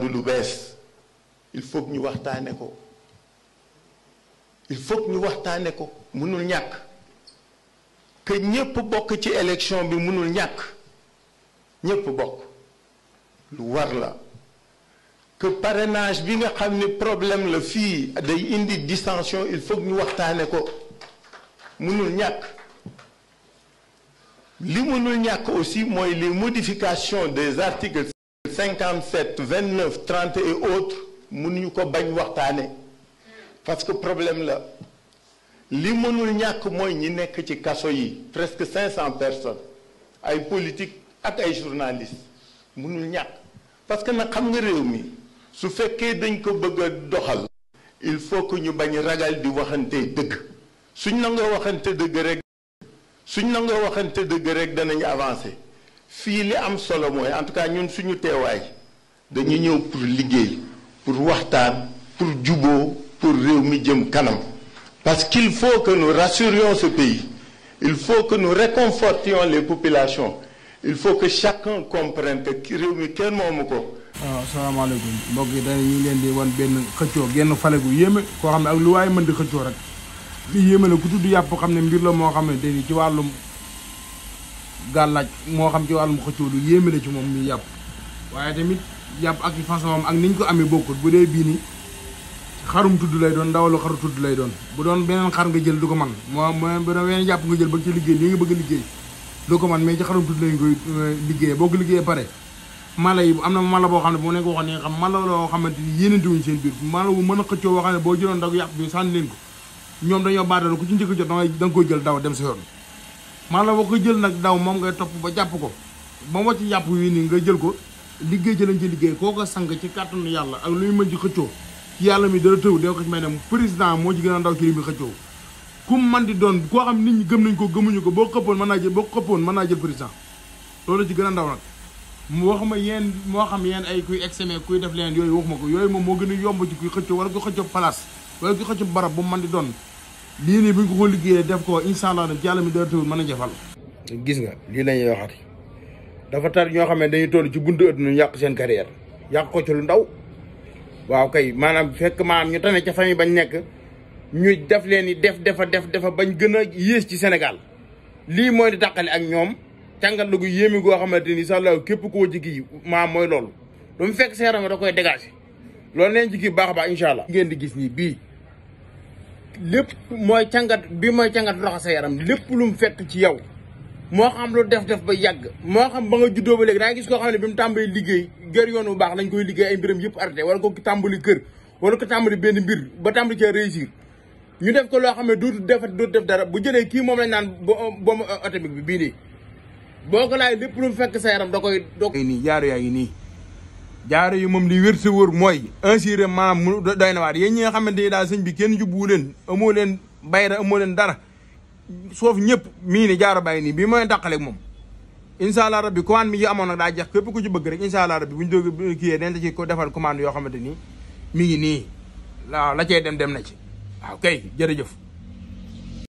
du lu il faut que ñu waxtaane ko il faut que ñu waxtaane ko mënul ñàkk que ñépp bok ci élection bi mënul ñàkk ñépp bok lu war la que parrainage bi nga xam problème le fi day indi distension il faut que nous waxtaane ko mënul ñàkk li mënul ñàkk aussi moy les modifications des articles 57 29 30 et autres mënuñu ko bañ waxtaane parce que problème là, li qui ñàkk mooy ñi nekk ci presque 500 personnes ay politique à ay journalistes nous parce que nous avons nga Si mi su fekkee dañ ko bëgg il faut que nous bañ ragal di waxante dëgg suñ choses, si nous rek avancer fii li am solo moy en tout cas ñun suñu téway dañu ñëw pour liggéey pour waxtaan pour juboo pour réew mi jëm kanam parce qu'il faut que nous rassurions ce pays il faut que nous réconfortions les populations il faut que chacun comprenne que réew mi kenn moomu ko. alaykum ah, salaamaaleykum mbokk yi dañu ñu leen di won ben xëccoo genn falé gu yéme ko xamné ak lu waaye mën xëccoo rek li yéme la ku tuddu yàpp xam ne mbir la moo xam ne dañuy ci wàllum. gàllaaj moo xam ci wàllum xëccoo lu yéeme la ci moom muy yàpp waaye tamit yàpp ak façon ak ni ñu ko amee bokkut bu dee bii nii xarum tudd lay doon ndawalu xaru tudd lay doon bu doon beneen xar nga jël du ko man moo moo bu doon weneen yàpp jël ci liggéey lii nga liggéey du ko man mais ci xarum tudd euh, boo ko liggéeyee pare mala yi am na mala boo xam ne bu nekk mala loo xamante ni yéenante wuñ seen biir mala mën a xëccoo boo xam ne boo jëloon dag yàpp bi sànni leen ko ñoom dañoo baadal ku ci njëkk jot dangay da nga jël daw dem sa yoon la boo ko jël nag daw moom ngay topp ba jàpp ko ba moo ci jàpp wi nii nga jël ko liggéey ci lañ ci liggéey koo ko sang ci kàttanu yàlla ak lu ñu mën ci xëccoo ci yàlla mi dara tëw dina ko ci may ne mu président moo ci gën a ndaw ci réew mi xëccoo kum man di doon koo xam nit ñi gëm nañ ko gëmuñu ko boo xëppoon mën naa jël boo xëppoon mën naa jël président loolu ci gën a ndaw nag ma yéen moo xam yéen ay kuy exeme kuy def leen yooyu waxuma ko yooyu moom moo gën yomb ci kuy xëccoo wala kuy xëccoo place wala kuy xëccoo barab bu man di doon lii nii bu ñu ko ko liggéeyee def ko incha allah jàll mi dootul mën a jafal. gis nga lii la ñuy waxati dafa tar ñoo xam ne dañuy toll ci buntu ëtt ñu yàq seen carrière yàq ko ci lu ndaw waaw kay maanaam fekk maanaam ñu tane ca famille bañ nekk ñu def leen ni def defa def defa bañ gën a yées ci senegal lii mooy di tàqale ak ñoom càngat la gu yéeme goo xamante ni sax la képp koo ci kii maam mooy loolu lu mu fekk seeram da koy dégager loolu leen ci kii baax a baax ngeen di gis nii bii. lépp mooy cangat bi mooy cangat loxo sa yaram lépp lu mu fekk ci yow moo xam lu def def ba yàgg moo xam ba nga juddoo ba léegi da nga gis koo xam ne bi mu tàmbali liggéey gër yoon bu baax lañ koy liggéey ay mbiram yëpp arrêté wala ko tàmbali kër wala ko tàmbali benn mbir ba tàmbali cee réussir ñu def ko loo xam ne dootu def def dara bu jëlee kii moom lañ naan bombe atomique bi bii nii boo ko laaj lépp lu fekk sa yaram da koy da nii yaaru yaa ngi nii jaaro yi moom li wér sa wóor mooy insuré maam mu doy na waar yéen ñi nga xamante ni daal sëñ bi kenn jubbu leen amoo leen bayra amoo leen dara soof ñëpp mii ni jaaro bàyyi nii bii mooy dàqaleeg moom incha allah ko commande mi yi amoon nag daa jeex képp ku ci bëgg rek incha allah rabbi bu ñu doog kiyee denta ci ko defal commande yoo xamante nii mi ngi nii waaw la cay dem dem na ci waaw kay jërëjëf